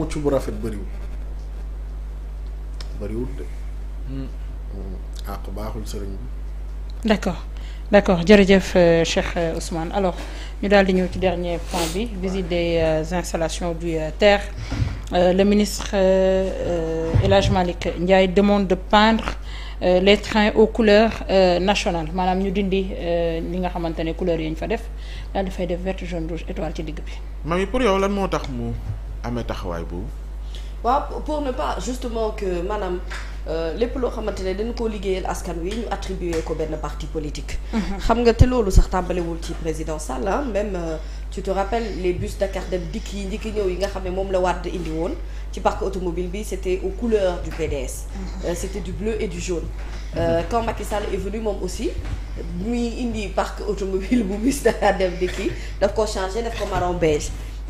mucc bu rafet bëriwul de. Hmm. Hmm. àq baaxul sëriñ bi. d' accord d' accord jërëjëf euh, Cheikh euh, Ousmane alors ñu daal di ñëw ci dernier point bi visite des euh, installations du TER le ministre El Hadj Malick Ndiaye demande de peindre les trains aux couleurs nationales maanaam ñu dindi li nga xamante ne couleurs yi fa def daal di fay def vert rouge étoile ci digg bi. mami pour yow lan moo tax mu. amee taxawaay boobu. waaw pour ne pas justement que maanaam euh, lépp loo xamante ne dañu koo liggéeyal askan wi ñu attribué ko benn parti politique. Mhm. xam nga te loolu sax tàmbalewul ci président Sall même euh, tu te rappelles les bus Dakar dem dikk yi ndikki ñëw yi nga xam ne moom la Wade indi woon ci parc automobile bi c'était aux couleurs du PDS. Mhm. Euh, c'était du bleu et du jaune. Mhm. quand Macky Sall moom aussi muy indi parc automobile bu bus Dakar dem dikki daf ko changé daf ko marron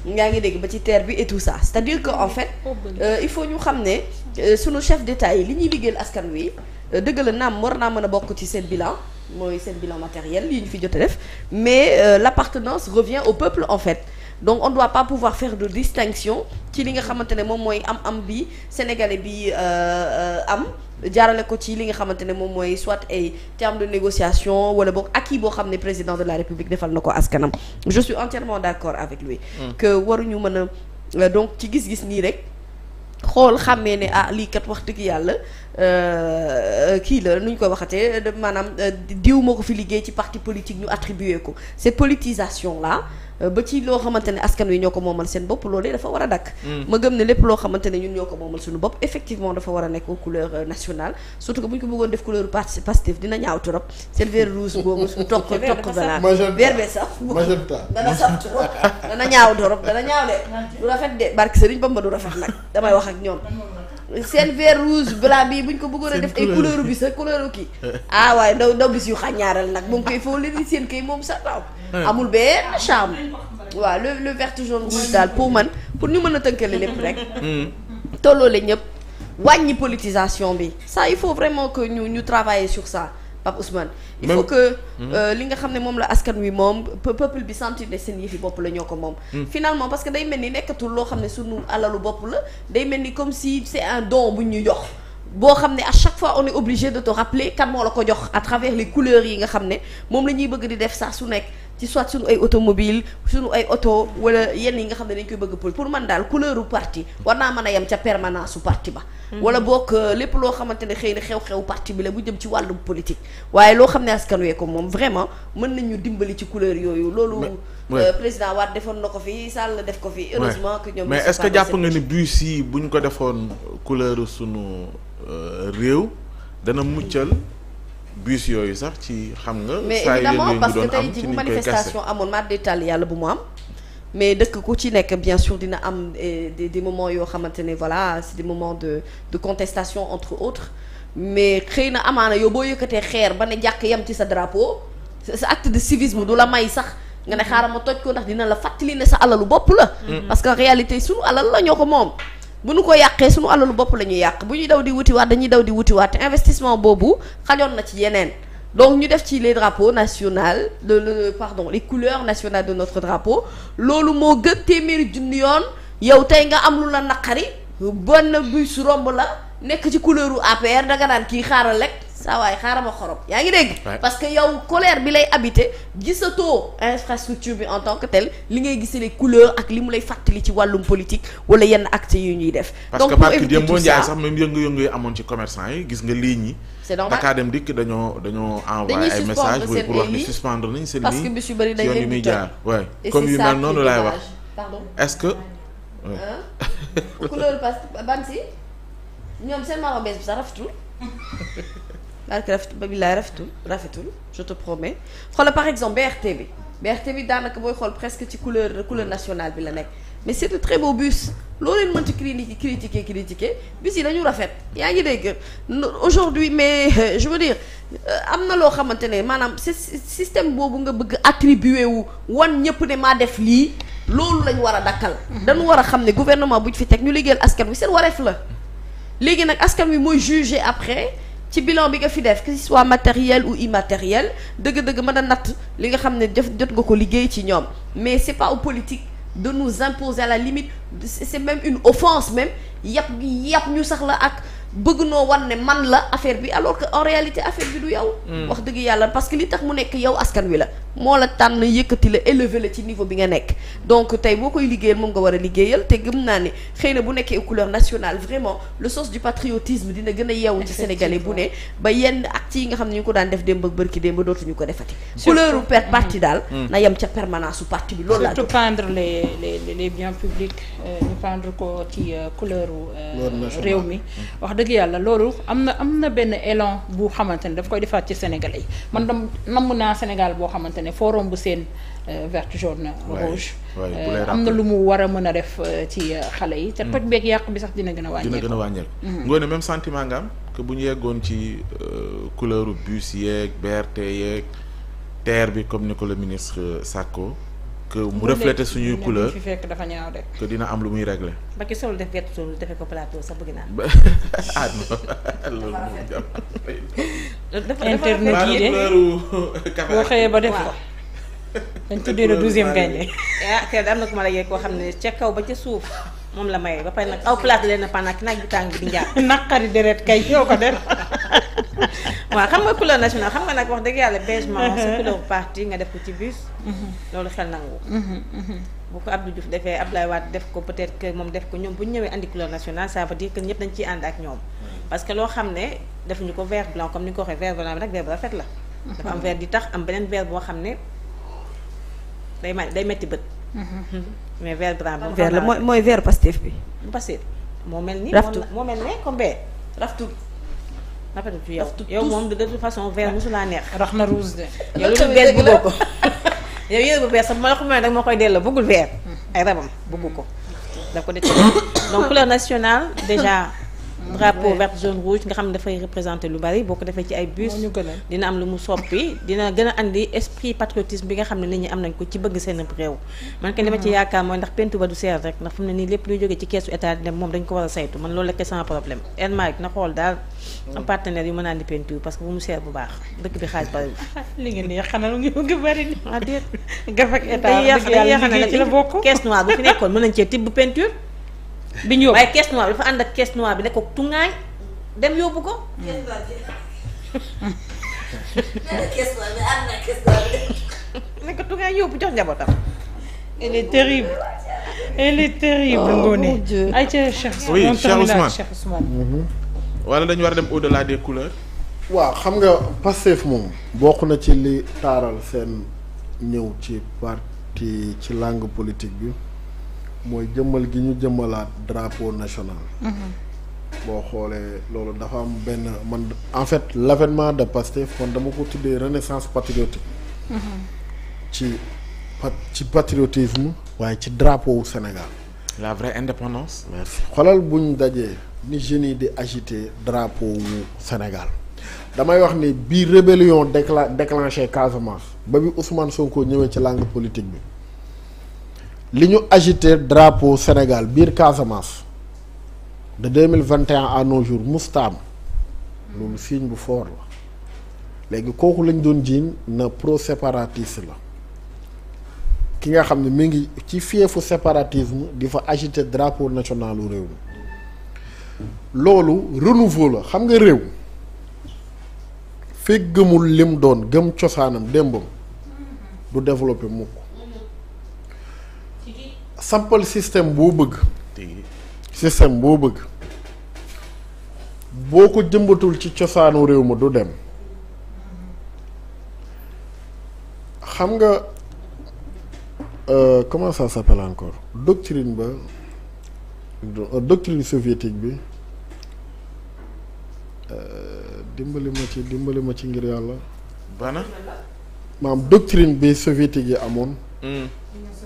yaa ngi dégg ba ci terre bi et tout ça c'est-à-dire que en fait oh, euh, il faut ñu xam ne euh, sunu chef d'État yi li ñuy liggéeyal askan wi euh, dëgg la naam war naa mën a bokk ci seen bilan mooy seen bilan matériel yi ñu fi jot a def mais euh, l'appartenance revient au peuple en fait donc on doit pas pouvoir faire de distinction ci li nga xamante ne moom mooy am am bi sénégalais bi am jaarale ko ci li nga xamante ne moom mooy soit ay terme de négociation wala ak acquis boo xam ne président de la république defal na ko askanam je suis entièrement d'accord avec lui hmm. que waruñu mën a euh, donc ci gis-gis nii rek xool xàmmee ne ah lii kat wax dëgg yàlla euh, kii la nu ñu koy waxatee maanaam euh, diw moo ko fi liggéey ci parti politique ñu attribué ko cette politisation la Euh, ba ci loo xamante ne askan wi ñoo ko moomal seen bopp loolee dafa war a dakk mm. ma gëm ne lépp loo xamante ne ñun ñoo ko moomal suñu bopp effectivement dafa war a nekk couleur euh, nationale surtout que bu ñu ko bëggoon def couleur parti Pastef dina ñaaw ñaaw trop dana ñaaw de du rafet de barke du rafet nag damay wax ak ñoom seen vert rouge blanc bi ko bëggoon def ay couleur bi sa couleur kii ah waaye ndaw ndaw bis yu xàññaaral nag moom koy foo leen seen koy moom sa taw amul benn charme waaw le le vert jaune rouge daal pour man pour ñu mën a tënkale lépp rek hmm. tolloole ñëpp wàññi politisation bi ça il faut vraiment que ñu ñu travailler sur ça Pape Ousmane il faut que hmm. euh, li nga xam ne moom la askan wi moom peuple bi sentir ne seen yëfi bopp la ñoo ko moom hmm. finalement parce que day mel ni nekkatul loo xam ne sunu alalu bopp la day mel ni comme si c'est un don bu ñu jox boo xam ne à chaque fois on est obligé de te rappeler kan moo la ko jox à travers les yi nga xam ne moom la ñuy bëgg di def sax su nekk ci soit suñu ay automobile suñu ay auto wala yenn yi nga xam ne dañ koy bëgg pël pour man daal couleur u parti war naa mën a yem ca permanence su parti ba mm-hmm. wala boog euh, lépp loo xamante ne xëy na xew-xew parti bi la bu jëm ci wàllum politique waaye loo xam ne askan wee ko moom vraiment mën nañu dimbali ci couleur yooyu loolu euh, président Wade defoon na ko fi Sall def ko fi heureusement que ñoom mais est-ce que jàpp nga ni bus ko defoon couleur sunu Euh, réew dana muccal bus yooyu sax ci xam nga. mais yu yëngu parce que tey jii bu manifestation amoon maa yàlla bu mu am. mais dëkk ko ci nekk bien sûr dina am eh, des des moments yoo xamante ne voilà c'est des de de contestation entre autres mais xëy na amaana yow boo yëkkatee xeer ba ne jàkk yam ci sa drapeau sa acte de civisme du la may sax nga ne xaaral ma toj ko ndax dina la fàttali ne sa alalu bopp la. Mm-hmm. parce que réalité sunu alal la ko moom. bu nu ko yàqee suñu alalu bopp la ñuy yàq bu ñuy daw di wutiwaat dañuy daw di wutiwaat te investissement boobu xajoon na ci yeneen donc ñu def ci les drapeaux national de le pardon les couleurs nationales de notre drapeau loolu moo gën téeméeri junni yoon yow tey nga am lu la naqari benn su romb la. nekk ci couleuru APR danga naan kii xaaral rek saa waay xaaral ma xorom yaa ngi dégg. parce que yow colère bi lay habité gisatoo infrastructure bi en tant que tel li ngay gis les couleurs ak li mu lay fàttali ci wàllum politique wala yenn actes yu ñuy def. parce que barke Diém boo Ndiaye sax même yëngu-yëngu yi amoon ci commerçant yi gis nga lii ñi. c'est normal Dakar Dem Dikk dañoo dañoo envoyé ay message pour wax ni suspendre nañ seen parce que bis yu bëri dañ leen di jaar waay comme yu mel que. ñoom seen marron bees bi sax rafetul. barke rafetul rafetul rafetul je te promets par exemple BRT bi. BRT bi daanaka booy xool presque ci couleur couleur nationale bi la nekk mais c'est de très beau bus loo leen mënti critiquer critiquer critiquer bus yi dañu rafet yaa ngi gën aujourd'hui mais euh, je veux dire euh, am na loo xamante ne maanaam système boobu nga bëgg attribuer wu wan ñëpp ne maa def lii loolu lañu war a dakkal mm-hmm. dañu war a xam ne gouvernement bu ñu fi teg ñu liggéeyal askan wi seen wareef la léegi nag askan wi mooy juger après ci bilan bi nga fi def que ce soit matériel ou immatériel dëgg-dëgg mën a natt li nga xam ne jëf jot nga ko liggéey ci ñoom mais c'est pas aux politique de nous imposer à la limite c'est même une offense même yàpp yàpp ñu sax la ak bëgg noo wan ne man la affaire bi alors que en réalité affaire bi du yow. Hmm. wax dëgg yàlla parce que li tax mu nekk yow askan wi la moo la tànn yëkkati la élevé la ci niveau bi nga nekk. donc tey boo koy liggéeyal moom nga war a liggéeyal te gëm naa ne xëy na bu nekkee couleur nationale vraiment le sens du patriotisme dina gën a yeewu ci sénégalais bu ne ba yenn actes yi nga xam ne ñu ko daan def démb ak bërki démb dootuñu ko defati. couleur u hmm. parti daal. Hmm. na yem ca permanence su parti bi loolu laa. surtout peindre les les les biens publics euh, ñu peindre ko euh, euh, mi dëgg yàlla loolu am na am na benn élan bu xamante ne daf koy defaat ci Sénégalais yi man dam naa Sénégal boo xamante ne foo romb seen euh, vert jaune rouge euh, am na lu mu war a mën a def euh, ci xale yi te mm. toj beeg yàq bi sax dina gën a wàññeeku dina gën a wàññeeku mm-hmm. ngoo ne sentiment nga am bu ñu yeggoon ci couleur bus yeeg BRT yeeg terre bi comme ni ko le ministre Sacco que mu refléter suñuy couleur fi fekk dafa ñaaw de. que dina am lu muy régler. ba ki sol def gerte sol defee ko plateau sax bëgg naa. ah non loolu moom jàpp dafa internet yi de boo xëyee ba def ko. dañ tuddee le douzième gaynde. ah kay am na ku ma la koo xam ne ca kaw ba ca suuf moom la maye ba pare nag aw plate leen na paan ak naaj bi tàng bi njàpp. naqari deret kay yoo ko def. waaw xam nga couleur nationale xam nga nag wax dëgg yàlla beige marron sa couleur parti nga def ko ci bus. Mhm. loolu xel nangu. Mhm, mhm. bu ko Abdou Diouf defee Abdoulaye Wade def ko peut-être moom def ko ñoom bu ñu ñëwee andi couleur nationale ça veut dire que ñëpp dañ ciy ànd ak ñoom. parce que loo xam ne defuñu ko vert blanc comme ni nga ko waxee vert blanc bi nag vert bu rafet di tax am beneen vert boo xam ne day ma day metti bët. mais vert blanc boobu. mooy mooy vert pastef bi. bu pastef moo mel ni. raftu moo mel ne comme bee raftu. nappati ci yow yow moom de toute façon vert mosu laa neex. rax na rouge de. yow lu dul bees bëggoo ko yow yére bu bees sax ma la ko mënee rek moo koy delloo bëggul vert. ay rabam bëggu ko. daf ko def donc couleur nationale déjà. drapeau vert jaune rouge nga xam ne dafay représenter lu bari boo ko defee ci ay bus dina am lu mu soppi dina gën a andi esprit patriotisme bi nga xam ne nit ñi am nañ ko ci bëgg seen réew man kenn dama ci mm-hmm. yaakaar mooy ba du seer rek ndax fu mu ne nii lépp luy jógee ci a saytu man loolu lekke sans problème El Malick na xool daal mm-hmm. am yu mën a andi pentu parce que bu mu seer bu baax dëkk bi xaaj bari li nga neex xanaa lu ngi bëgg bari ni ah, gaf ak état day na la ci la bokk caisse noire bu fi nekkoon mën nañ cee bi ñu yóbbu waaye caisse noire bi dafa ànd ak caisse noire bi ne ko tuŋaañ dem yóbbu ko. ne ko tuŋaañ yóbbu jox njabootam. elle est terrible elle est terrible. Oh, Ngoné ay ca Cheikh. oui mm-hmm. wala dañu war a dem au delà des couleurs. xam nga Pastef moom. bokk na ci li taaral seen ñëw ci parti ci langue politique bi. mooy jëmmal gi ñu jëmmalaat drapeau national. Mhm. boo xoolee loolu dafa am benn man en fait l'avènement de Pastef kon dama ko tuddee renaissance patriotique. Mhm. ci pat ci patriotisme waaye ci drapeau Sénégal. la vraie indépendance. merci buñ dajee ni jeunes yi di agiter drapeau Sénégal. damay wax ni bi rébellion décla déclenché Casamance ba bi Ousmane ko ñëwee ci langue politique bi. li ñu agité drapeau Sénégal biir Casamance de deux mille vingt et un à nos jours mustaam loolu signe bu fort la léegi kooku lañu doon jiiñ na pro la ki nga xam ne mi ngi ci fiefu séparatisme di fa agité drapeau national réew mi loolu renouveau la xam nga réew fekk gëmul lim doon gëm cosaanam démbam du développé mukk sampal système boo bëgg système boo bëgg boo ko jëmbatul ci cosaanu réew ma du dem xam nga euh, comment ça s'appelle encore doctrine ba doctrine soviétique bi euh, dimbali ma ci dimbali ma ci ngir yàlla bana maam doctrine bi soviétique yi amoon hmm.